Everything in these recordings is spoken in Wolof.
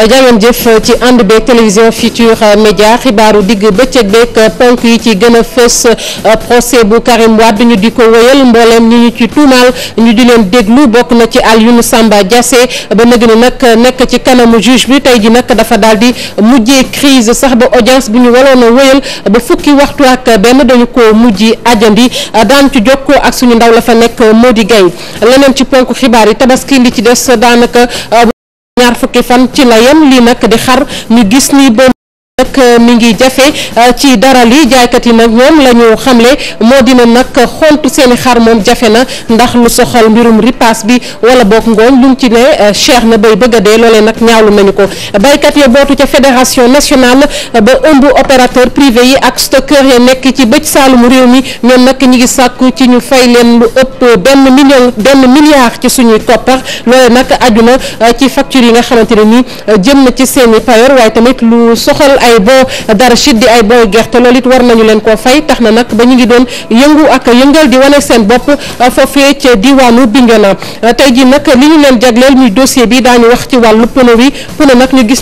Euh, jàngeen jëf ci ànd beeg télévision Futur euh, Média xibaaru digg bëccëg beeg euh, ponk yi ci gën a fës procès bu Karim Wade ñu di ko wëyal mbooleem ñi ñu ci tuumaal ñu di leen déglu bokk na ci Alioune Samba Diassé ba nëg ni nag nekk ci kanamu juge bi tey ji nag dafa daal di mujjee crise sax ba audience bi ñu waloon a wëyal ba fukki waxtu ak benn dañu ko mujj ajandi daan ci jokkoo ak suñu ndaw la fa nekk moo di gay leneen ci ponk xibaar yi tabaski li ci des daanaka ñaar fukki fan ci la yem lii nag di xar ñu gis ni nag euh, mi ngi jafe euh, ci dara li jaaykat yi nag ñoom la ñu xamle moo dina nag xontu seen i xar moom jafe na ndax lu soxal mbirum ripaas bi wala boog ngooñ lu ci ne euh, cher na bay bëgg a dee loolee nag ñaawlu nañu ko baykat ya bootu ca fédération nationale ba ëmb opérateur privé yi ak stockeur ya nekk ci bëj saalumu réew mi ñoom nag ñi ngi sàkku ci ñu fay leen lu ëpp benn million benn milliard ci suñuy koppar loole nag aju ci facture yi nga xamante ne nii jëm ci seen payoor ay bon d'arachide di ay bon gerte loolu it war nañu leen koo fay tax na nag ba ñu ngi doon yëngu ak yëngal di wane seen bopp uh, foofee ca uh, ñu leen jagleel muy dossier bi daañu wax ci wàllu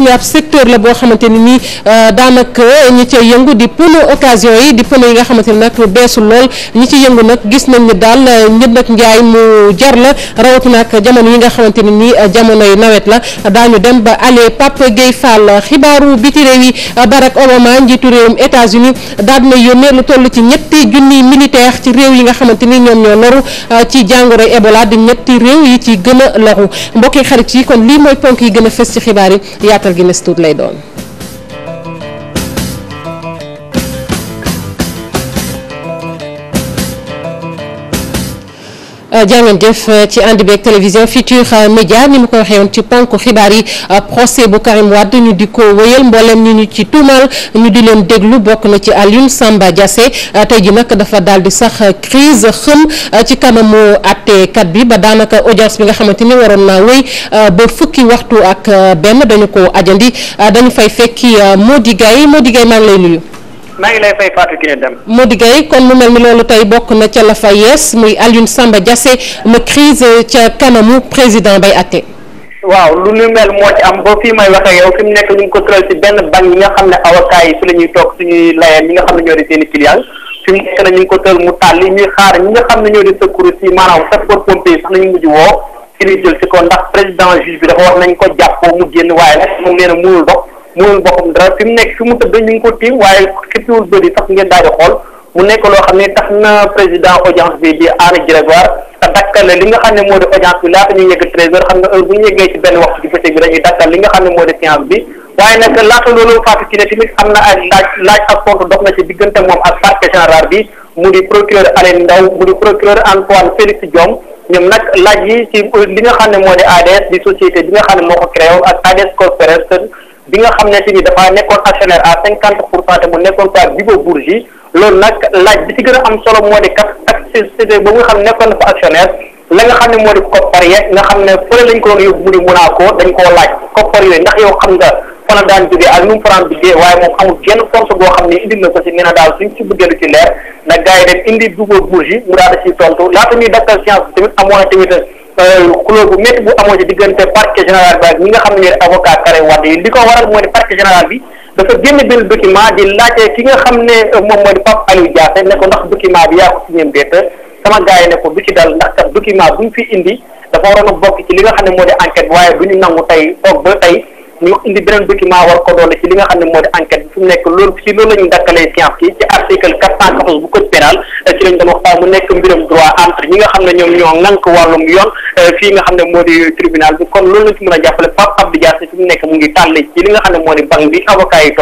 ne ab secteur la boo xamante ni nii uh, daanaka ñi cay yëngu yi di pneu yi nga xamante ni nag beesu lool ñi ci yëngu nag gis nañ ni daal njënd ak njaay mu jar la rawatina ak jamono yi nga xamante ni nii jamonoy nawet la daañu dem ba allé Pape Gueye xibaaru biti réew Barack Obama njiitu réewum États-Unis daal dina yónnee lu toll ci ñetti junniy militaire ci réew yi nga xamante ni ñoom ñoo loru euh, ci jàngoro Ebola di ñetti réew yi ci gën a loru mbokki xarit yi kon lii mooy ponk yi gën a fës ci xibaar yi yaatal gi nes tuut lay doon jàngeen jëf euh, ci ànd beeg télévision Futurs Médias ni mu ko waxee ci ponk xibaar yi euh, procès bu Karim Wade ñu di ko wéyal mbooleem ñu ñu ci tuumaal ñu di leen déglu bokk na ci Alioune Samba Diassé euh, tey ji nag dafa daal di sax crise xëm ci kanamu àttekat bi ba daanaka audience bi nga xamante ni waroon naa wéy ba fukki waxtu ak benn dañu ko ajandi dañu fay fekki Mody Gaye Mody Gaye maa ngi lay maa ngi lay fay Fatou Kiné Deme. Modou Gueye kon mu mel ni loolu tey bokk na ca la fa yees muy Alioune Samba Diassé ma crise ca kanamu président bay atte waaw lu nu mel moo ci am ba fii may waxee yow fi mu nekk ñu ngi ko tëral ci benn banque yi nga xam ne avocat yi fi la ñuy toog suñuy layeen ñi nga xam ne ñoo di seen i clients fi mu nekk na ñu ngi ko tëral mu tàlli ñuy xaar ñi nga xam ne ñoo di secours yi maanaam sapeur pompier sax nañu mujj woo ci jël ci ko ndax président juge wax nañ ko jàppoo mu génn waaye nag moom nee na mënul boppam dara fi mu nekk fi mu tëdd ñu ngi ko tiim waaye xippiwul bëri sax ngeen daal di xool mu nekk loo xam ne tax na président audience bi di Anne Grégoire te dakkal nga xam ne moo di audience laata ñu yeggee benn waxtu ci li nga xam ne moo di séance bi waaye nag laata loolu Fatou Kiné tamit am na ay laaj laaj ak tontu dox na ci diggante moom ak parquet général bi mu di procureur Alain Ndao mu di procureur Antoine Félix Diome ñoom nag laaj yi ci li nga xam ne moo di ADS di société bi nga xam ne moo ko créé ak ADS bi nga xam ne te ni dafa nekkoon actionnaire à cinquante pour cent te mu nekkoon par Bibo Bourgi loolu nag laaj bi ci gën a am solo moo di kat ak société boobu xam ne nekkoon actionnaire la nga xam ne moo di koppar yeeg nga xam ne fële lañ ko doon yóbbu mu di Monaco dañ ko laaj koppar yooyu ndax yow xam nga fa la daan jógee ak nu mu faram jógee waaye moom amul genn force boo xam ne indi na ko si nee na daal suñ ci bëggee lu ci leer nag gars yi dem indi Bibo Bourgi mu daal di siy tontu laata ñuy dakkal Euh, xuloo bu métti bu amoo ci diggante parquet général bi nga xam ne ñooy avocat Karim Wade yi li ko waral mooy parquet général bi dafa génn benn document di laajte ki nga xam ne euh, moom mooy Pape Aliou Diassé ne ko ndax document bi yaa ko signé déet sama gars yi ne ko du ci dal ndax kat document bu mu fi indi dafa waroon a bokk ci li nga xam ne moo di enquête waaye du ñu nangu tey toog ba tey. ñu indi beneen document war ko doole ci li nga xam ne moo di enquête bi fi nekk loolu ci loolu la dakkalee science bi ci article quatre bu code pénal ci lañ doon nga xam ne ñoom ñoo ŋànk wàllum yoon euh, fii nga xam ne moo di tribunal bi kon loolu a jàppale Pape Abdou Diass fi mu nekk mu ngi tàlle ci li nga xam ne banque bi avocat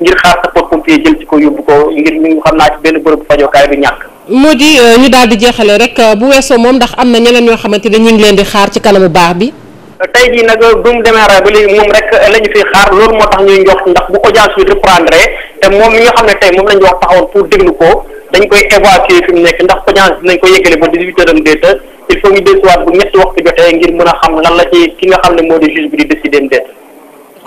ngir xaar sapeur pompier jël ci ko yóbbu ko ngir ñu xam naa ci benn bërëb fajokaay bi ñàkk moo di euh, ñu daal di jeexale rek euh, bu weesoo moom ndax am na ñeneen ñoo xamante ne ñu ngi leen di xaar ci kanamu baax bi tey jii nag bu mu demee raay ba léegi moom rek la ñu fiy xaar loolu moo tax ñuy njox ndax bu audience bi te moom mi nga xam ne tey moom la ñu wax taxawoon pour déglu ko dañ koy évacuer fi mu nekk ndax audience nañ ko yëgale ba dix-huit il faut ñu dellusiwaat bu ñetti waxtu jotee ngir mën a xam lan la ci ki nga xam ne moo di juge bi di décider déet.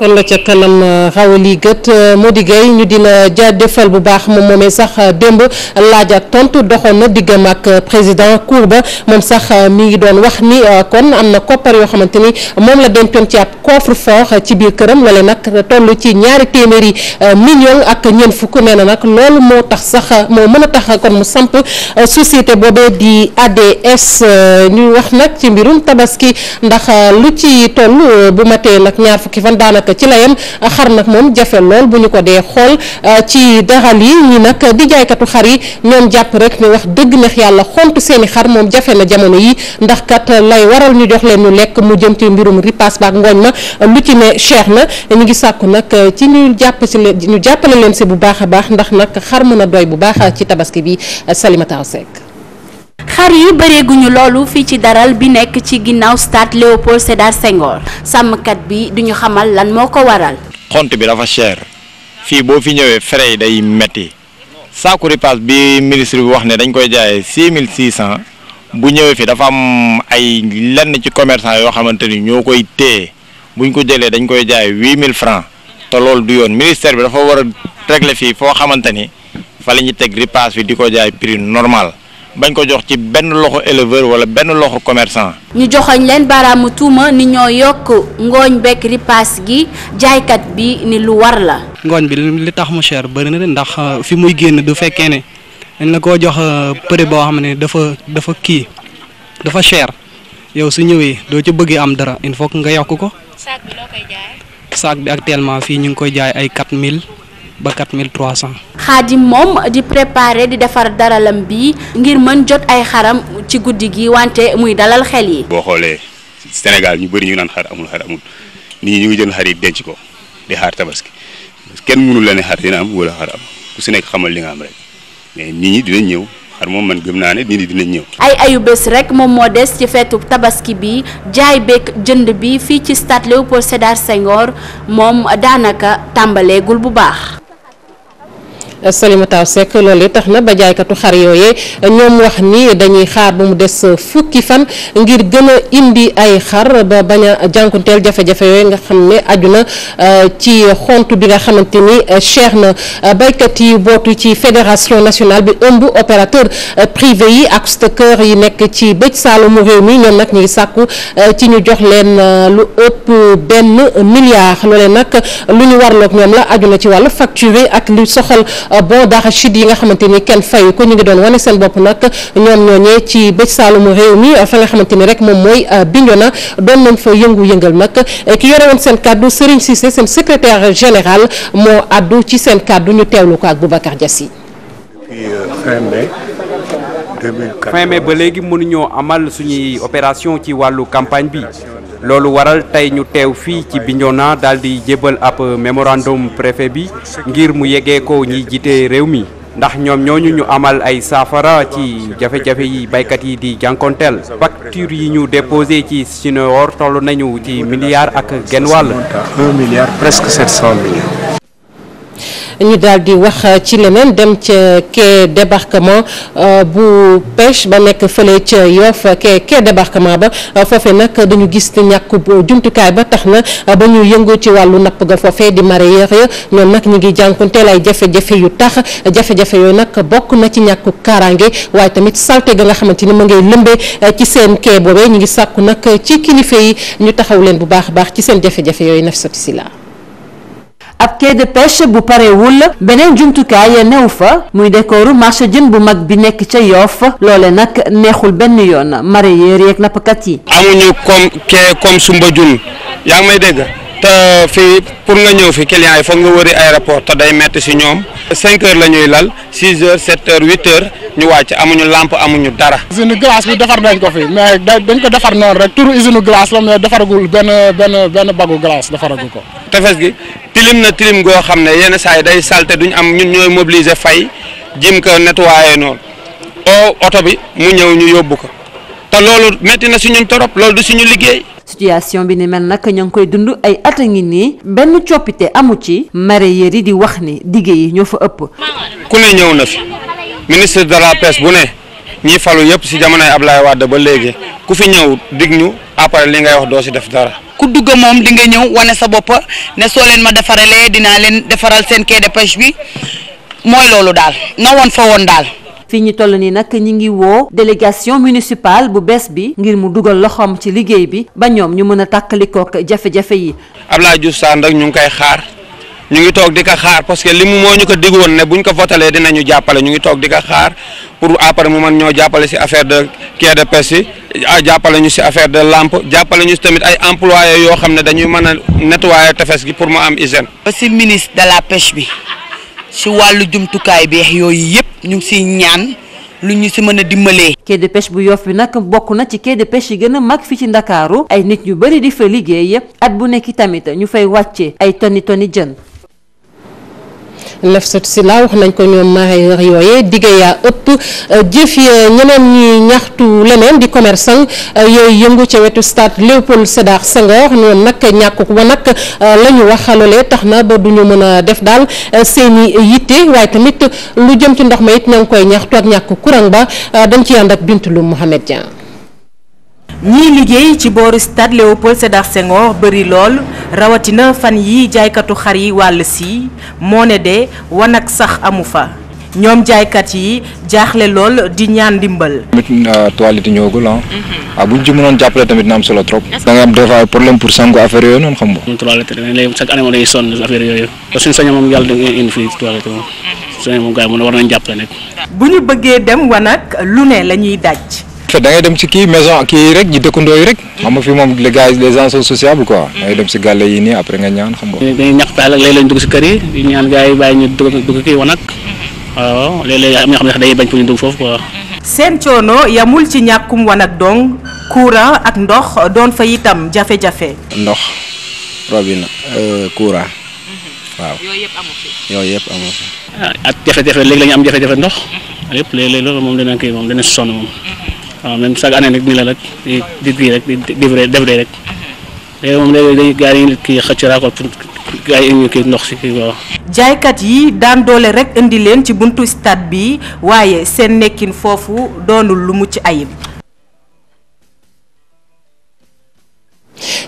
kon la ca kanam rawali euh, gët euh, Mody Gueye ñu dina la jaajëfal bu baax moom moomee sax euh, démb laaj ak tontu doxoon na diggam ak président cour ba moom sax mi ngi doon wax ni kon am na koppar yoo xamante ni moom la dencoon ci ab coffre-fort ci biir këram loole nag toll ci ñaari téeméeri million ak ñeent fukk nee na nag loolu moo tax sax moo mën a tax kon mu samp société boobee di ADS ñuy wax nag ci mbirum tabaski ndax lu ci toll bu matee nag ñaar fukki fan daanaka ci la yem xar nag moom jafe lool bu ñu ko dee xool euh, ci daral yi ñi nag di jaaykatu xar yi ñoom jàpp rek ni wax dëgg neex yàlla xontu seeni xar moom jafe na jamono yi ndax kat lay waral ñu jox leen ñu lekk mu jëm ci mbirum ripaas baak ngooñ ma lu ci ne cher na ñu ngi sàkku nag ci ñu jàpp si leen ñu jàppale leen si bu baax a baax ndax nag xar mën a doy bu baax ci tabaski bi Salimata Seck xar yi bareeguñu loolu fii ci daral bi nekk ci ginnaaw stade Léopold Sédar Senghor kat bi duñu xamal lan moo ko waral. xont bi dafa cher fii boo fi ñëwee frais yi day metti saaku ripaas bi ministre bi wax ne dañ koy jaayee six mille six cent bu ñëwee fi dafa am ay lenn ci commerçant yoo xamante ni ñoo koy téye buñ ko jëlee dañ koy jaay huit mille francs te loolu du yoon ministère bi dafa war a régler fii foo xamante ni fa la ñuy teg ripaas bi di ko jaay prix normal. bañ ko jox ci benn loxo éleveur wala benn loxo commerçant. ñu joxoñ leen baaraamu tuuma ni ñoo yokk ngooñ bekk ripaas gi jaaykat bi ni lu war la. ngooñ bi li tax mu cher bëri na de ndax euh, fi muy génn du fekkee ne dañ la koo jox euh, prix boo xam ne dafa dafa kii dafa cher yow su ñëwee doo ci bëggee am dara il faut nga yokk ko. saak bi bi actuellement fii ñu ngi koy jaay ay mille ba 4300. xaadim moom di préparer di defar lam bi ngir mën jot ay xaram ci guddi gi wante muy dalal xel yi. boo xoolee Sénégal ñu bëri ñu naan xar amul xar amul nit ñi ñu ngi jël xar yi denc ko di xaar tabaski kenn mënul la ne xar dina am wala xar am ku si nekk xamal li nga am rek mais nit ñi dinañ ñëw. xar moom man gëm naa ne nit ñi dinañ ñëw. ay ayu bés rek moom moo des ci feetu tabaski bi jaay beeg jënd bi fii ci stade Léopold Sédar Senghor moom daanaka tàmbaleegul bu baax. Salimata Seck loolu tax na ba jaaykatu xar yooyee ñoom wax ni dañuy xaar ba mu des fukki fan ngir gën a indi ay xar ba bañ a jànkunteel jafe-jafe yooyu nga xam ne aju na euh, ci xont bi nga xamante ni euh, cher na baykat yu bootu ci fédération nationale bi ëmb opérateur euh, privé yi ak stockeur yi nekk ci bëj saalumu réew mi ñoom nag ñu ngi sàkku ci ñu jox leen lu ëpp benn milliard loolee nag lu ñu warloog ñoom la aju na ci wàllu facturé ak lu soxal bon d'arachide yi nga xamante ni kenn fayu ko ñu ngi doon wane seen bopp nag ñoom ñooñee ci bëj saalumu réew mi fa nga xamante ni rek moom mooy euh, Bignona doon nañ fa yëngu-yëngal nag euh, ki yore woon seen kàddu Serigne Cissé seen secrétaire général moo addu ci seen kàddu ñu teewlu ko ak Boubacar Diassi. depuis euh, fin mai 2014 suñuy opération ci wàllu campagne bi. loolu waral tey ñu teew fii ci Bignona daal di jébbal ab mémorandum préfet bi ngir mu yegee ko ñi jiite réew mi ndax ñoom ñooñu ñu amal ay saafara ci jafe-jafe yi baykat yi di jànkonteel facture yi ñu déposé ci Suneor toll nañu ci milliards ak genn wàll. un presque sept cent millions. ñu daal di wax ci leneen dem ca quai débarquement euh, bu pêche ba nekk fële ca Yoff quai quai débarquement ba euh, foofe nag dañu gis ni ñàkk jumtukaay ba tax na euh, ba ñu yëngoo ci wàllu napp ga foofe di mareyeur ya ñoom nag ñu ngi jànkunteel ay jafe-jafe yu tax jafe-jafe yooyu nag bokk na ci ñàkku kaaraange waaye tamit salte ga nga xamante ni ma ngay lëmbee ci seen quai boobee ñu ngi sàkku nag ci kilifa yi ñu taxaw leen bu baax a baax ci seen jafe-jafe yooyu Nafissatou Sylla ab quai de pêche bu parewul beneen jumtukaay newu fa muy dékooru marché jën bu mag bi nekk ca Yoff loole nag neexul benn yoon mareyeur yeeg nappkat yi amuñu comme quai comme Soumbédioune yaa ngi may dégg te fii pour nga ñëw fi client yi foog nga wëri aéroport te day metti si ñoom cinq heures la ñuy lal six heures sept heures huit heures ñu wàcc amuñu lampe amuñu dara usine glace bi defar nañ ko fi mais dañ ko defar noonu rek turu usine glace la mais defaragul benn benn benn bagu glace defaragul ko tefes gi tilim na tilim goo xam ne yenn saa yi day salte duñ am ñun ñooy mobiliser fay jim ko nettoyé noonu o oto bi mu ñëw ñu yóbbu ko te loolu métti na si ñun torop suñu liggéey situation bi ni mel nag ña ngi koy dund ay at a ngi nii benn coppite amu ci mareyeur yi di wax ni diggé yi ñoo fa ëpp. ku ne ñëw na fi ministre de la pêche bu ne ñi falu yëpp si jamonoy Ablaye Wade ba léegi ku fi ñëw dig ñu après li ngay wax doo si def dara. ku dugg moom di nga ñëw wane sa bopp ne soo leen ma defaralee dinaa leen defaral seen quai de pêche bi mooy loolu daal na woon fa woon daal. fii ñu toll nii nag ñi ngi woo délégation municipale bu bees bi ngir mu dugal loxoom ci liggéey bi ba ñoom ñu mën a tàkkalikook jafe-jafe yi. Abdoulaye Diouf Sarr nag ñu ngi koy xaar ñu ngi toog di ko xaar parce que li mu moo ñu ko diggoon ne buñ ko votalee dinañu jàppale ñu ngi toog di xaar pour après mu mën ñoo jàppale si affaire de quai de yi ah, jàppale ñu si affaire de lampe jàppale ñu si tamit ay employés yoo xam ne dañuy mën a nettoyer tefes gi pour mu am hygiène. ba bi. si wàllu jumtukaay beex yooyu yëpp ñu ngi siy ñaan lu ñu si mën a dimbalee. quai bu Yoff bi nag bokk na ci quai de yi gën a mag fi ci Ndakaaru ay nit ñu bëri di fa liggéey at bu nekk tamit ñu fay wàcce ay toni toni jën. Nafsat Sila wax nañ ko ñoom mareyeur yooye diggé yaa ëpp euh, jëf ya ñeneen ñuy ñaxtu leneen di commerçant euh, yooyu yëngu ca wetu stade Léopold Sédar Senghor ñoom nag ñàkk wa nag euh, la ñu wax loolee tax na ba duñu mën a def daal seeni yitte waaye tamit lu jëm ci ndox ma it ña ngi koy ñaxtu ak ñàkk courant ba dem ci ànd ak bint lu Mohamed Dieng ñiy liggéey ci booru stade Léopold Sédar Senghor bëri lool rawatina fan yi jaaykatu xar yi wàll si moo ne de wanag sax amu fa ñoom jaaykat yi jaaxle lool di ñaan ndimbal. tamit euh, toilette ñëwagul ah. waaw bu ñu ci mënoon jàppale tamit na am solo trop. da nga am des problème pour sangu affaire yooyu noonu xam nga. moom toilette léegi moom day moom yàlla da ngay indi mhm. war nañu jàppale nag. bu ñu bëggee dem wanag lu ne la ñuy daj. fait da dem ci kii maison kii yi rek ñi dëkkandoo yi rek xam nga fi moom les gars les gens sont sociables quoi da ngay dem si gàll yi nii après nga ñaan xam nga dañuy ñaxtaal ak léeg lañ dugg si kër yi di ñaan gars yi bàyyi ñu dugg dugg kii wanag waaw nga xam ne dañuy bañ pour ñu dugg foofu quoi seen coono yamul ci ñàkkum wanag dong courant ak ndox doon fa itam jafe-jafe ndox robinet euh, courant mhm. waaw yooyu yëpp amu fi yooyu yëpp amu fi ah, ak jafe-jafe léegi la am jafe-jafe ndox lépp léeg-léeg loolu moom dana kii moom dana sonn moom mhm. waaw même chaque année nag nii la rek di di kii rek di débré rek léegi moom léegi dañuy gars yi kii xëcc raakool pour gars yi ñu kii ndox si kii waaw. jaaykat yi daan doole rek indi leen ci buntu stade bi waaye seen nekkin foofu doonul lu mucc ayib.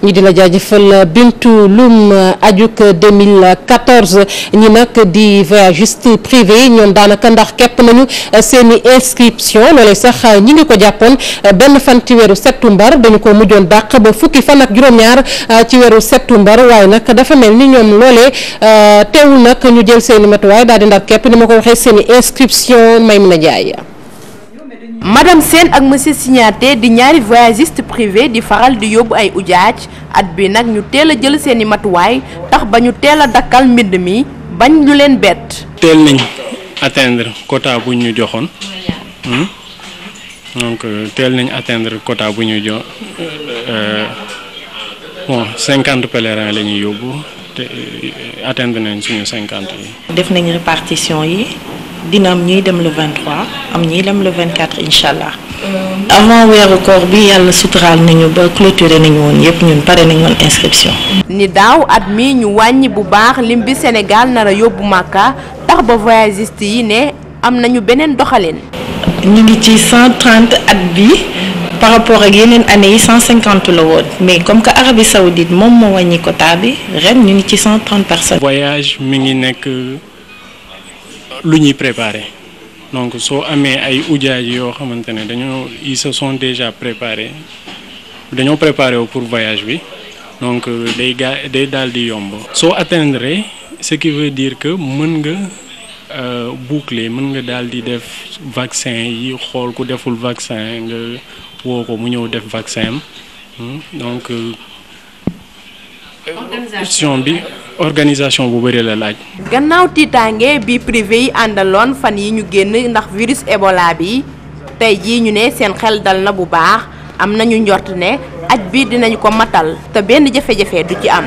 ñi di la jaajëfal Bintu Loum ajuk 2014 ñi nag di voyagiste privé ñoom daanaka ndax képp nañu seeni inscription loolee sax ñi ngi ko jàppoon benn fan ci weeru septembre dañu ko mujjoon dàq ba fukki fan ak juróom-ñaar ah, ci weeru septembre waaye nag dafa mel ni ñoom loolee ah, teewul nag ñu jël seeni matuwaay daal di ndar képp ni ma ko waxee seeni inscription may mën a jaay madame seen ak monsieur Signaté di ñaari voyagiste privé di faral di yóbbu ay ujaaj at bi nag ñu teel a jël seeni matuwaay tax ba ñu teel a dakkal mbind mi bañ ñu leen bett. teel nañ atteindre quota bu ñu joxoon hmm? donc euh, teel nañ atteindre quota bu ñu jox euh, bon cinquante pèlerins la ñuy yóbbu te euh, nañ suñu cinquante def nañ yi. dina am ñuy dem le 23 am ñuy dem le 24 incha allah. avant weeru koor bi yàlla suturaal nañu ba clôturer nañu woon yëpp ñun pare nañu woon inscription. ni daaw at mi ñu wàññi bu baax lim bi Sénégal nar a yóbbu Màkka tax ba voyagiste yi ne am nañu beneen doxalin. ñu ngi ci 130 at bi. par rapport ak yeneen année yi 150 la woon mais comme que Arabie Saoudite moom moo wàññi quota bi ren ñu ngi ci 130 personnes. voyage mi ngi nekk. lu ñuy préparer donc soo amee ay ujaaj yoo xamante ne dañoo ils se sont déjà préparés dañoo préparé wu pour voyage bi donc day gaa day daal di yomb. soo atteindre ce qui veut dire que mën nga euh, boucler mën nga daal di def vaccin yi xool ku deful vaccin nga woo ko mu ñëw def vaccin hmm? donc. organisation bi organisation bu bëri la laaj. gannaaw tiitaange bi privé yi àndaloon fan yi ñu génn ndax virus Ebola bi tey jii ñu ne seen xel dal na bu baax am nañu njort ne aj bi dinañu ko matal te benn jafe-jafe du ci am.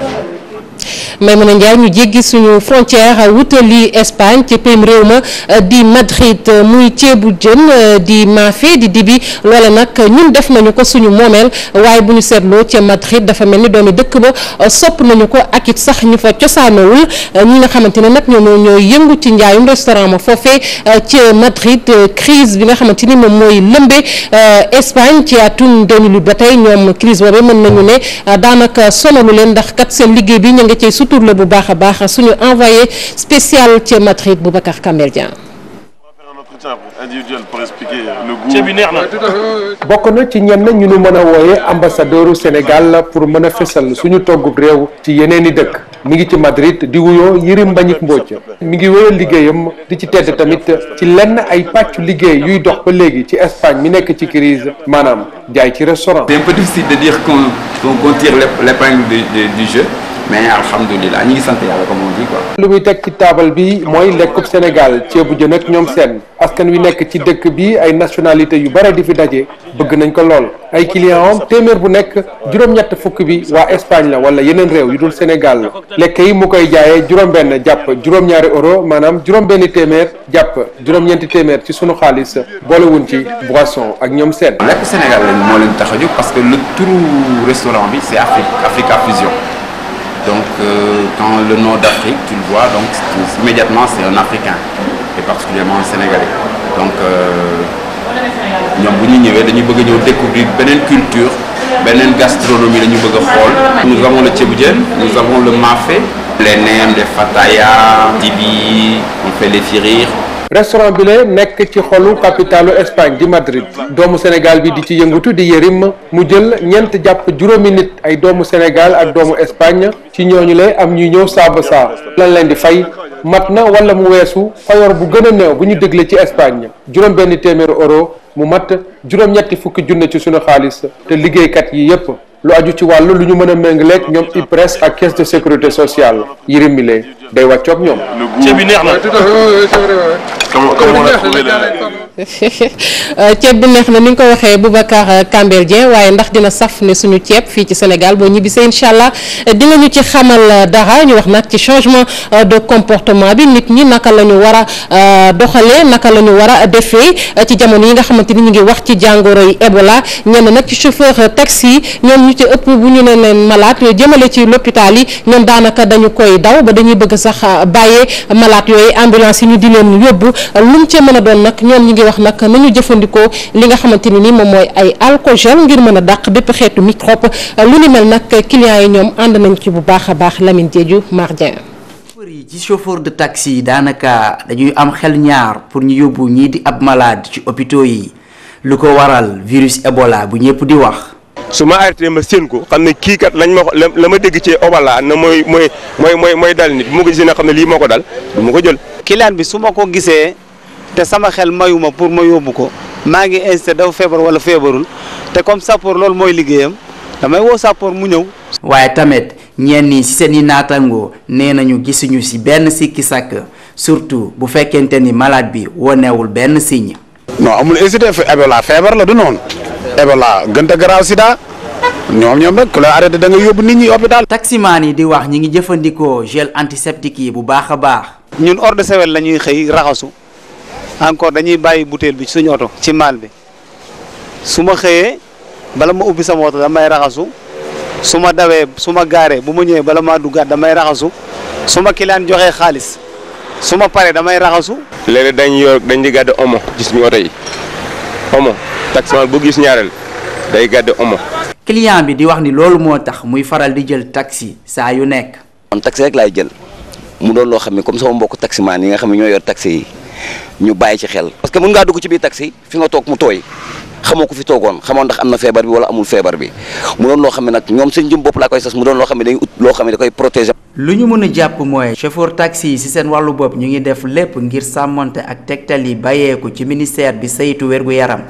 Maymuna Ndiaye ñu jéggi suñu frontière wutali Espagne ci pém réew ma euh, di Madrid euh, muy ceebu jën euh, di maafe di dibi loola nag ñun def nañu ko suñu moomeel waaye bu ñu seetloo ca Madrid dafa mel ni doomi dëkk ba sopp nañu ko ak it sax ñu fa cosaanowul ñi nga xamante ne nag ñoom ñoo yëngu ci njaayum restaurant ma foofee ca Madrid crise bi nga xamante ni moom mooy lëmbe Espagne ci atum lu ba tey ñoom crise boobee mën nañu ne daanaka sonalu leen ndax kat seen liggéey bi ñu ngi cay sutur la bu baax a baax suñu envoyé spécial ca Madrid Boubacar Kamel Dieng. bokk na ci ñenn ñu nu mën a wooye ambassadeuru Sénégal pour mën a fesal suñu toggub réew ci yeneen yeneeni dëkk mi ngi ci Madrid di wuyoo Yërim Mbagnick Mbodj mi ngi wéyal liggéeyam di ci tedd tamit ci lenn ay pàccu liggéey yuy dox ba léegi ci Espagne mi nekk ci crise maanaam jaay ci restaurant. C'est un peu difficile de dire qu'on qu'on tire l'épingle mais alhamdulilah ñu ngi sant yàlla lu muy teg ci taabal bi mooy lekkub Sénégal ceebu jën ak ñoom seen askan wi nekk ci dëkk bi ay nationalité yu bare di fi dajee bëgg nañ ko lool ay client am téeméer bu nekk juróom-ñett fukk bi waa Espagne la wala yeneen réew yu dul Sénégal la lekk yi mu koy jaayee juróom-benn jàpp juróom-ñaari euro maanaam juróom-benn téeméer jàpp juróom-ñeenti téeméer ci sunu xaalis boolewuñ ci boisson ak ñoom seen. lekk Sénégal lañ moo leen tax parce que le turu bi c'est Donc, euh, le nom d'Afrique, tu le vois, donc immédiatement c'est un Africain, et particulièrement un Sénégalais. Donc, euh, ñoom bu ñu ñëwee dañu bëgg a ñëw découvrir beneen culture beneen gastronomie la ñu bëgg a xool. nous avons le ceebu jën nous avons le mafé. les nems les fataya. dibi on fait les firiir. restaurant bi la nekk ci xolu capitalu Espagne di Madrid doomu Sénégal bi di ci yëngatu di Yérim mu jël ñeent jàpp juróomi nit ay doomu Sénégal ak doomu Espagne ci ñooñu lay am ñuy ñëw saaba saa lan leen di fay mat na wala mu weesu fayoor bu gën a néew bu ñu dégle ci Espagne juróom benn téeméeru euro mu mat juróom-ñetti fukki ci sunu xaalis te liggéeykat yi yépp lu aju ci wàllu lu ñu mën a méngaleeg ñoom IPRES ak caisse de sécurité sociale Yérim Milé day wàccoog ñoom. ceeb bi neex na. Euh, ceeb bi neex na ni nga ko waxee Boubacar Kambel euh, Dieng waaye ndax dina saf ne suñu ceeb fii ci Sénégal boo ñibbisee incha allah euh, dina ñu ci xamal dara ñu wax nag ci changement de comportement bi nit ñi naka la ñu war a doxalee naka la ñu war a defee ci jamono yi nga xamante ni ñu ngi wax ci jàngoro yi Ebola ñenn nag ci chauffeur taxi ñoom ñu ci ëpp bu ñu nee leen malade jëmale ci l'hôpital yi ñoom daanaka dañu koy daw ba dañuy bëgg sax bàyyee malade yooyu ambulance wax nag nañu jëfandikoo li nga xamante ni ni moom mooy ay alcogel ngir mën a dàq bépp xeetu microbe lu ni mel nag clients yi ñoom ànd nañ ci bu baax a baax Lamine Diédiou Mardien yi ci chauffeur de taxi yi daanaka dañuy am xel ñaar pour ñu yóbbu ñii di ab malade ci hôpitaux yi lu ko waral virus Ebola bu ñëpp di wax. su ma arrêté ma séen ko xam ne kii kat lañ ma la ma dégg ci Ebola na mooy mooy mooy mooy dal nit bu ma ko gisee na xam ne lii moo ko dal du ma ko jël. kilaan bi su ma ko gisee. te sama xel mayuma pour ma yóbbu ko maa ngi incité dafa feebar wala feebarul te comme sappoor loolu mooy liggéeyam damay woo sappoor mu ñëw. waaye tamit ñenn ñi ci seen i naataangoo nee nañu gisuñu ci benn sikki sàkk surtout bu fekkente ni malade bi wonewul benn signe. noo amul incité Ebola feebar la du noonu. Ebola gën a garaaw sida ñoom ñoom nag ku la arrêté da nga yóbbu nit ñi hôpital. taximaan yi di wax ñi ngi jëfandikoo gel antiseptique yi bu baax a baax. ñun ordre de la ñuy xëy raxasu. encore dañuy bàyyi butéel bi suñu oto ci maal bi su ma xëyee bala ma ubbi sama oto damay raxasu su ma dawee su ma gaaree bu ma ñëwee bala maa duggaat damay raxasu suma ma kilaan joxee xaalis su ma paree damay raxasu. léeg dañ dañ di gàdde omo ci suñu oto yi omo taximan bu gis ñaareel day gàdde omo. client bi di wax ni loolu moo tax muy faral di jël taxi saa yu nekk. man taxi rek laay jël mu doon loo xam ne comme sama mbokk taximan yi nga xam ne ñoo yor taxi yi. ñu bàyyi ci xel parce que mën ngaa dugg ci biir taxi fi nga toog mu tooy xamoo ko fi toogoon xamoo ndax am na feebar bi wala amul feebar bi mu doon loo xam ne nag ñoom seen jëm bopp laa koy sas mu doon loo xam ne dañuy ut loo xam ne da koy protéger. lu ñu mën a jàpp mooy chauffeur taxi yi ci seen wàllu bopp ñu ngi def lépp ngir sàmmante ak tegtal yi bàyyeeku ci ministère bi saytu wér yaram.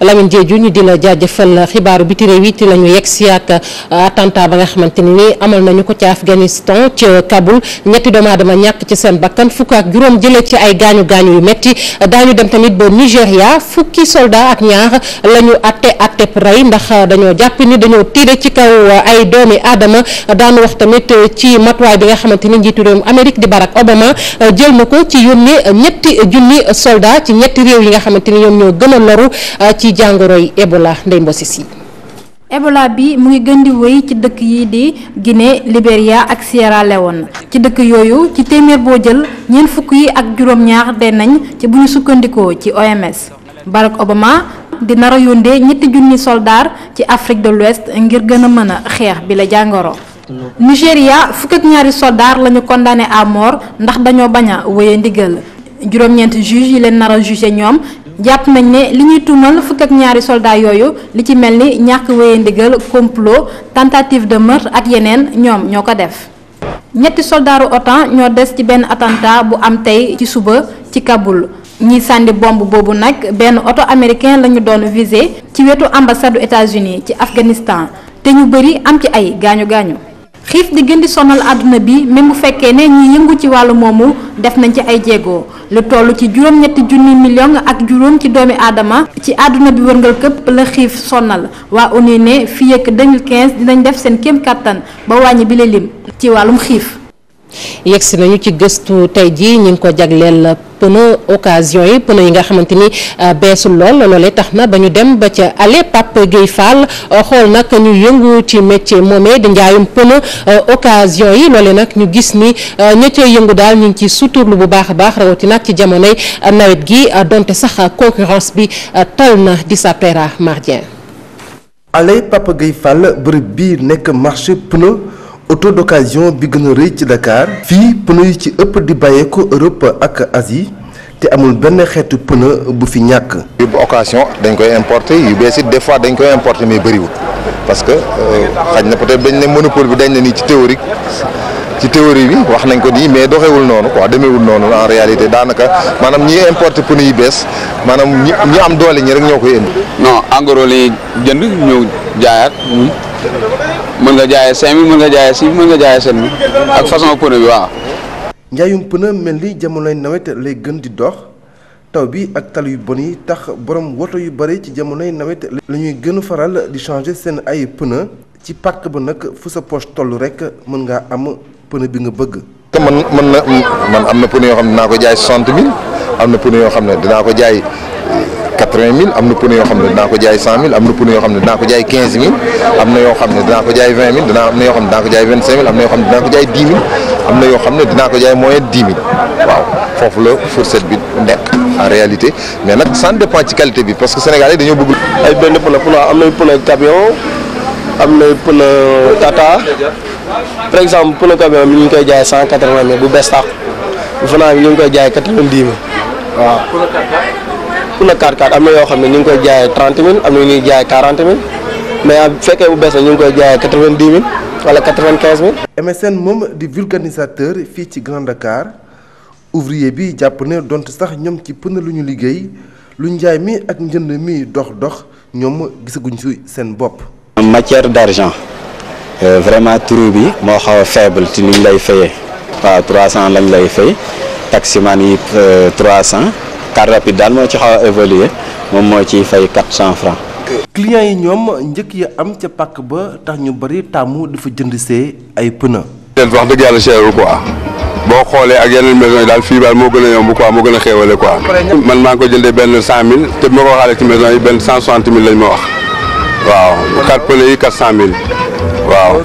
Lamine Diédhiou ñu di la jaajëfal xibaaru biti réew yi ci la ñu yegg si ak euh, attentat ba nga xamante ni amal nañu ko ca Afghanistan ca euh, Kaboul ñetti doomu aadama ñàkk ci seen bakkan fukk ak juróom jëlee ci ay gaañu gaañu yu metti daañu dem tamit ba Nigéria fukki soldat ak ñaar la ñu atte atteb ndax euh, dañoo jàpp ni dañoo tiire ci kaw ay doomi aadama daanu wax tamit ci matuwaay bi nga xamante ni njiitu réewum Amérique di Barack Obama jël na ko ci yónni ñetti junni soldat ci ñetti réew yi nga xamante ni ñoom ñoo gën a loru Euh, ci jàngoroy Ebola Ndeye Mbossi Sy Ebola bi mu ngi gën di wéy ci dëkk yi di Guinée Libéria ak Sierra Leone ci dëkk yooyu ci téeméer boo jël ñeent fukk yi ak juróom-ñaar dee nañ ci bu ñu sukkandikoo ci OMS Barack Obama di nara yonde ñetti junni soldaar ci Afrique de l'Ouest ngir gën a mën a xeex bi la jàngoro. Nigéria fukk ak ñaari soldaar lañu condamné à ndax dañoo bañ a wéye ndigal juróom-ñeent juge yi leen nara jugé ñoom jàpp nañ ne li ñuy tuumal fukk ak ñaari soldaar yooyu li ci mel ni ñàkk wéye ndigal complot tentative de meurtre ak yeneen ñoom ñoo ko def ñetti soldaaru OTAN ñoo des ci benn attentat bu am tey ci suba ci Kaboul ñi sànni bomb boobu nag benn oto américain lañu doon visé ci wetu ambassade u États-Unis ci Afghanistan te ñu bëri am ci ay gaañu gaañu xiif di gën di sonal àdduna bi même bu fekkee ne ñi yëngu ci wàllu moomu def nañ ci ay jéego lu toll ci juróom-ñetti junni million ak juróom ci doomi aadama ci àdduna bi wërngal këpp la xiif sonal waa ONU ne fii ak 2015 dinañ def seen kéem kattan ba wàññi bi la lim ci wàllum xiif. yegsi nañu ci gëstu tey jii ñu ngi ko jagleel pneu occasion yi pneu yi nga xamante ni euh, beesul lool loolee tax na ba ñu dem ba ca ale Pape Gueye Fall euh, xool nag ñu yëngu ci métier moomee di njaayum pneu euh, occasion yi loolee nag ñu gis ni ña yëngu daal ñu ngi ci suturlu bu baax a baax nag ci jamonoy nawet gi donte sax concurrence bi tal na di sa pera mardien alay Pape Gueye Fall bërëb bii nekk marché pneu auto d'occasion bi gën a rëy ci Dakar fii pneu yi ci ëpp di bàyyeeko Europe ak Asie te amul benn xeetu pneu bu fi ñàkk. yu bu occasion dañ koy importer yu bees it des fois dañ koy importer mais bëriwul parce que euh, xaj na peut-être dañ ne monopole bi dañ ne nii ci théorique ci théorie bi wax nañ ko nii mais doxewul noonu quoi demeewul noonu en réalité daanaka maanaam ñi importer pneu yu bees maanaam ñi ñi am doole ñi rek ñoo koy indi. non en gros li jënd ñëw jaayaat. mën nga jaayee 5000 mën nga jaaye 6 mën nga jaayee 7000 ak façon pneu bi waaw. njaayum pneu mel ni jamonoy nawet lay gën di dox taw bi ak tal yu bon yi tax borom woto yu bari ci jamonoy nawet la ñuy gën a faral di changer seen ay pneu ci pàkk ba nag fu sa poche toll rek mën nga am pneu bi nga bëgg. man man na man am na pneu yoo xam ne dinaa ko jaay 60 000 am na pneu yoo xam ne dinaa ko jaay. quatre-vingt mille am na pneu yoo xam ne dinaa ko jaay cent mille am na pneu yoo xam ne dinaa ko jaay quinze mille na yoo xam mille am na yoo xam ne dinaa ko jaay vingt cinq mille am na yoo xam ne dinaa ko jaay moyen dix mille waaw foofu la fourchette bi nekk en réalité mais nag ça dépend ci qualité bi parce que Sénégal yi dañoo bëgg. ay benn pneu pneu am na pneu am na pneu tata par exemple pneu camion bi ñu ngi koy jaay cent quatre-vingt mille bu bees tàq bu fanaan koy jaay quatre vingt pour le 4x4 am na yoo xam ne ñu ngi koy jaayee 30 000 am na ñuy jaayee 40 000 mais bu fekkee bu bees la ñu ngi koy jaayee 90 000 wala 95 000. MSN moom di vulcanisateur fii ci Grand Dakar ouvrier bi jàpp ne dont sax ñoom ci pën lu ñu liggéey lu njaay mi ak njënd mi dox dox ñoom gisaguñu si seen bopp. en matière d' argent euh, vraiment trou bi moo xaw a faible ci ni ñu lay fayee waaw 300 lañ lay fay taximaan yi 300. Euh, car rapide daal moo ci xaw a évoluer moom moo ciy fay 400 francs clients yi ñoom njëkk yi am ca pàkk ba tax ñu bari tàmm dafa jënd see ay pneu. leen wax dëgg yàlla cherul quoi boo xoolee ak yeneen maison yi daal fii baal moo gën a yomb quoi moo gën a xéewale man maa ko jëndee benn cent 100000 te bu ma ko waxaalee ci maison yi benn 160000 lañ ma wax waaw. 4 pneu yi 400000. waaw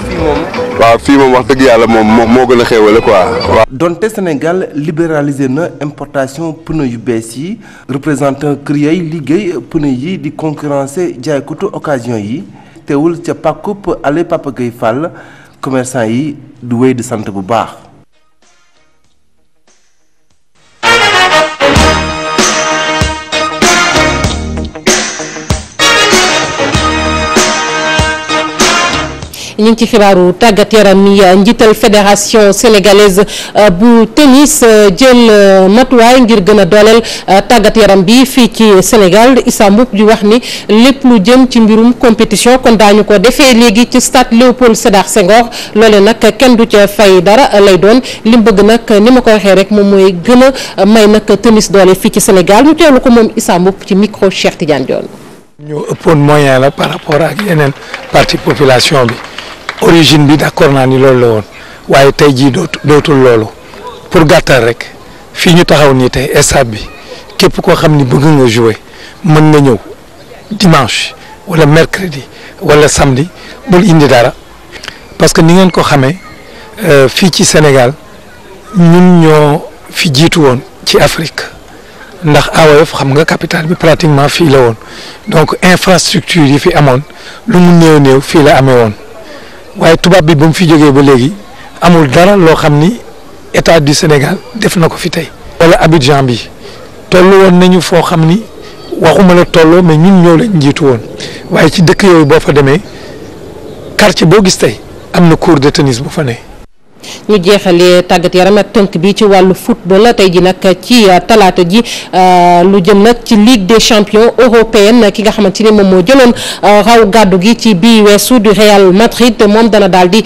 waaw fii moom wax dëgg yàlla moom moo gën a xéewale quoi waaw. donte Sénégal libéralisé na importation pneu yu bees yi représentant kër yooyu liggéey pneu yi di concurrencer jaaykatu occasion yi teewul ca pàkkub ale Papa Gueye Fall commerçant yi du wéy di sant bu baax. ñu ngi ci xibaaru tàggat yaram yi njiital fédération sénégalaise euh, bu tennis euh, jël euh, matuwaay ngir gën a dooleel tàggat yaram bi fii ci Sénégal Issa Mboup di wax ni lépp lu jëm ci mbirum compétition kon daañu ko defee léegi ci stade Léopold Sédar Senghor loole nag kenn du ca fay dara lay doon li bëgg nag ni ma ko waxee rek moom mooy gën a may nag tennis doole fii ci Sénégal ñu teewlu ko moom Issa Mboup ci micro Cheikh Tidiane Dione ñu moyen la par rapport ak yeneen bi origine bi d'accord naa ni loolu la woon waaye tey jii dootu dootul loolu pour gàttal rek fii ñu taxaw nii tey stade bi képp koo xam ni bëgg nga jouer mën nga ñëw dimanche walla mercredi wala samedi bul indi dara parce que ni ngeen ko xamee euh, fii ci Sénégal mun ñoo fi jiitu woon ci Afrique ndax AOF xam nga capital bi pratiquement fii la woon donc infrastructure yi fi amoon lu mu néew néew fii la amee woon waaye tubaab bi ba mu fi jógee ba léegi amul dara loo xam ni état du Sénégal def na ko fi tey. wala Abidjan bi tollu woon nañu foo xam ni waxuma la tolloo mais ñun ñoo lañ njiitu woon waaye ci dëkk yooyu boo fa demee quartier boo gis tey am na cour de tennis bu fa nee ñu jeexalee tàggat yaram ak tënk bi ci wàllu football tey ji nag ci euh, talaata ji euh, lu jëm nag ci ligue de champions européenne ki nga xamante ni moom moo jëloon euh, raw gàddu gi ci bii weesu du Real Madrid moom dana daal di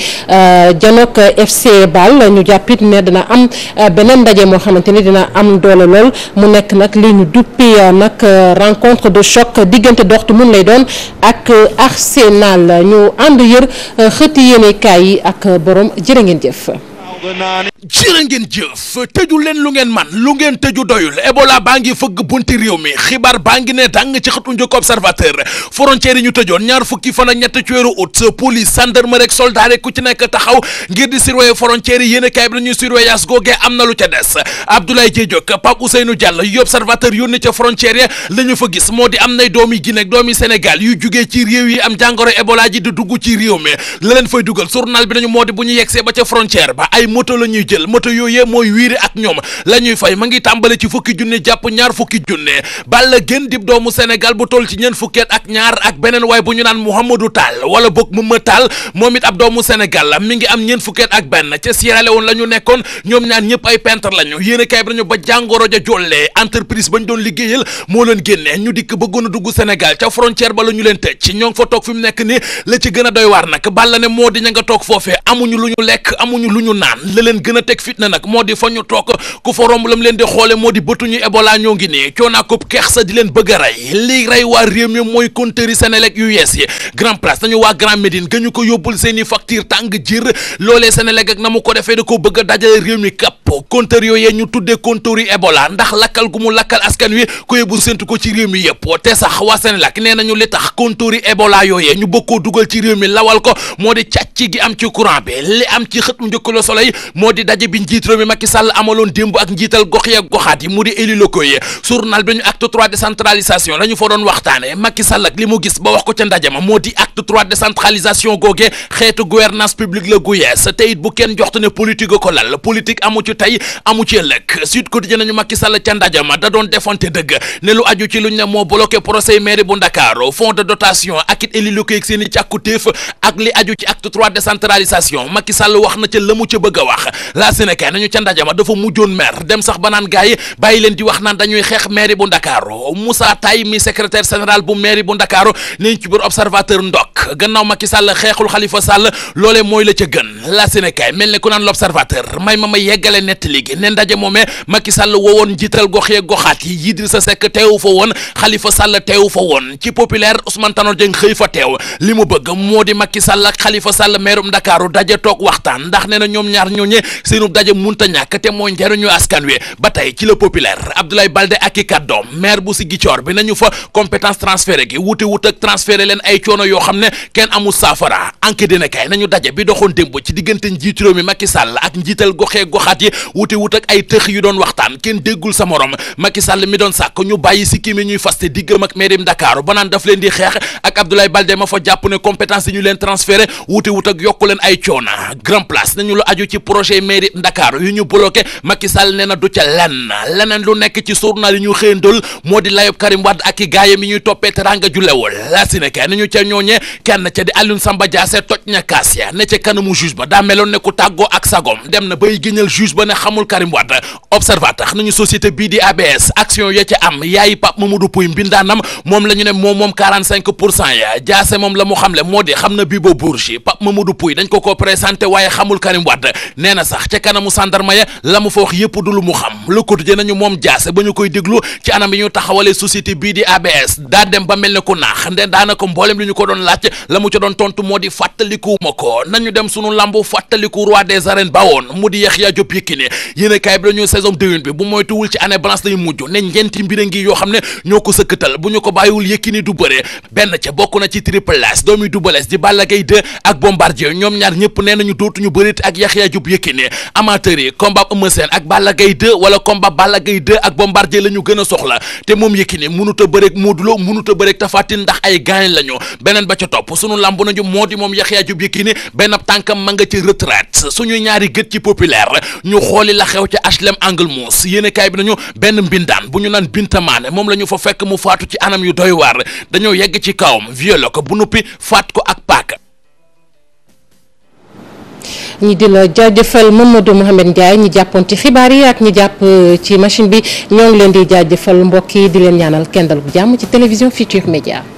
janook FC Bâle ñu jàppit ne dina am beneen ndaje moo xamante ni dina am doole lool mu nekk nag li ñu duppi nag rencontre de choc diggante Dortmund lay doon ak Arsenal ñu ànd yër xëti yéene yi ak borom jërë ngeen jëf gën naa ni jërë ngeen jëf tëju leen lu ngeen man lu ngeen tëju doyul Ebola baa ngi fëgg bunti réew mi xibaar baa ngi ne dàng ci xëtu njëkk observateur frontière yi ñu tëjoon ñaar fukki fan ñett ci weeru août police gendarme rek soldat rek ku ci nekk taxaw ngir di surveiller frontière yi yéen kaay bi nañuy surveillance googee am na lu ca des Abdoulaye Diédiok Pape Ousseynou Diallo yu observateur yónni ca frontière ya la ñu fa gis moo di am na doomi Guinée ak doomi Sénégal yu jugee ci réew yi am jàngoro Ebola ji di dugg ci réew mi la leen fay dugal journal bi nañu moo bu ñu yegsee ba ca frontière ba ay moto la ñuy jël moto yooyee mooy wiiri ak ñoom la ñuy fay ma ngi tàmbale ci fukki junne jàpp ñaar fukki junne Balla Gaye dib doomu Sénégal bu toll ci ñeent fukkeet ak ñaar ak beneen waay bu ñu naan Mouhamadou Tall wala boog Mama Tall moom it ab doomu Sénégal la mi ngi am ñeent fukkeet ak benn ca Sierra woon la ñu nekkoon ñoom ñaan ñëpp ay peintre lañu yéene kay bi nañu ba jàngoro ja jollee entreprise ba ñu doon liggéeyal moo leen génnee ñu dikk bëggoon a dugg Sénégal ca frontière ba la ñu leen tëj ñoo ngi fa toog fi mu la ci gën a doy waar nag moo di ña nga toog foofee amuñu lu ñu lekk amuñu lu ñu a teg fitna nag moo di fa ñu toog ku fa romb lam leen di xoole moo di bëtuñu Ebola ñoo ngi nii coonaakub kersa di leen bëgg a rey li rey waa réew mi mooy compteurs Senelec yu yees yi Grand Place dañu waa Grand Médine gëñu ko yóbbul seen i tàng jir loolee Senelec ak na mu ko defee da ko bëgg a dajale réew mi kap compteur yooyee ñu tuddee compteur yi Ebola ndax lakkal gu mu lakkal askan wi ko yóbbu séntu ko ci réew mi yëpp te sax waa Senelec nee nañu tax compteur yi Ebola ñu bëgg dugal ci réew mi lawal ko moo di càcc gi am ci courant bi am ci xët mu njëkk la Soleil daje bi njiit réew mi Macky Sall amaloon démb ak njiital gox ya goxaat yi mu di élus locaux yi bi ñu acte 3 décentralisation la ñu fa doon waxtaane Macky Sall ak li mu gis ba wax ko ca ndaje ma moo di acte 3 décentralisation googe xeetu gouvernance publique la gu yees te it bu kenn joxte ne politique ko lal politique amu ci tey amu ci ëllëg Sud Quotidien nañu Macky Sall ca ndaje ma da doon defante dëgg ne lu aju ci lu luñ ne moo bloqué procès mairie bu Ndakaaru fonds de ak it élus locaux yi ak li aju ci acte 3 décentralisation Macky Sall wax na ca la mu ca bëgg a wax la Sénégal nañu ca ndaje ma dafa mujjoon maire dem sax ba naan gars bàyyi leen di wax naan dañuy xeex mairie bu Ndakaaru Moussa Tay mi secrétaire général bu mairie bu Ndakaaru ni ci biir observateur ndok gannaaw Macky Sall xeexul xalifa Sall loole mooy la ca gën la Sénégal mel ne ku naan l'observateur may ma ma yeggale nett léegi ne ndaje moomee Macky Sall woowoon njiital gox yeeg goxaat yi Idrissa Seck teewu fa woon xalifa Sall teewu fa woon ci populaire Ousmane Tanor Dieng xëy fa teew li mu bëgg moo di Macky Sall ak Khalifa Sall mairum Ndakaaru daje toog waxtaan ndax nee na ñoom ñaar ñooñee seenu daje munta ñàkk te mooy njariñu askan wi ba tey ci le populaire Abdoulaye Balde ak i kàddoom maire bu Ziguinchor bi nañu fa compétence transféré gi wuti wut ak transféré leen ay coono yoo xam ne kenn amul saafara anke dina kay nañu daje bi doxoon démb ci diggante njiit réew goxee goxaat yi wuti ay tëx yu doon waxtaan kenn déggul sa morom Macky Sall mi doon ñu bàyyi si ñuy faste diggam ak mairim Dakar ba naan daf leen di xeex ak Abdoulaye leen transféré wuti wut ak yokku leen aju ci projet mairie Dakar yu ñu bloqué Macky Sall nee na du ca lenn leneen lu nekk ci journal yi ñu xëyandool moo di layob Karim ak i gaayam yi ñuy toppee teranga julewul la si ne kenn ñu ca ñooñee kenn ca di Alioune Samba Diassé toj na kaas ya ne ca kanamu juge ba daa meloon ne ku tàggoo ak sagom dem na bay génnal juge ba ne xamul Karim observateur nañu société bii di ABS action ya ca am yaayi Pape Mamadou Pouy mbindaanam moom la ne moom moom 45 pour moo ca kanamu sandarma ya la mu fa wax yëpp du lu mu xam le quotidien nañu moom jaase ba ñu koy déglu ci anam yi ñu taxawalee société bii di ABS daa dem ba mel ne ku naax nde daanaka mboolem li ñu ko doon laaj la mu ca doon tontu moo di fàttaliku ma ko nañu dem sunu lambu fàttaliku roi des arènes ba woon mu di Yaxya Jóob Yékini yéen kaay bi dañu saison déwén bi bu moytuwul ci anne blanche lay mujj ne ñeenti mbir ngi yoo xam ne ñoo ko sëkkatal bu ñu ko bàyyiwul Yékini du bëree benn bokk na ci Triple Less doomi Double Less di Balla Gaye 2 ak Bombardier ñoom ñaar ñëpp nee nañu dootuñu bëreet ak Yaxya Jóob Yékini amateur yi ba Eumeu Sène ak Balla Gaye 2 wala combat Balla Gaye 2 ak Bombardier la ñu gën a soxla te moom Yékini munut a bëreeg Modou Lo munut a bëreeg Tapha Tine ndax ay gaañ lañu beneen ba ca topp sunu lamb nañu moo di moom Yaxya Jub Yékini benn tànkam ma nga ci retraite suñu ñaari gët ci populaire ñu xooli la xew ci HLM Angle Mousse yéen kaay bi nañu benn mbindaan bu ñu naan Bintamane moom la ñu fa fekk mu faatu ci anam yu doy waar dañoo yegg ci kawam violé ko bu nuppi faat ko ak paaka ñi di la jaajëfal Mamadou Mouhamed Ndiaye ñi jàppoon ci xibaar yi ak ñi jàpp euh, ci machine bi ñoo ngi leen di jaajëfal mbokk yi di leen ñaanal kenn dalu jàmm ci télévision Futurs Médias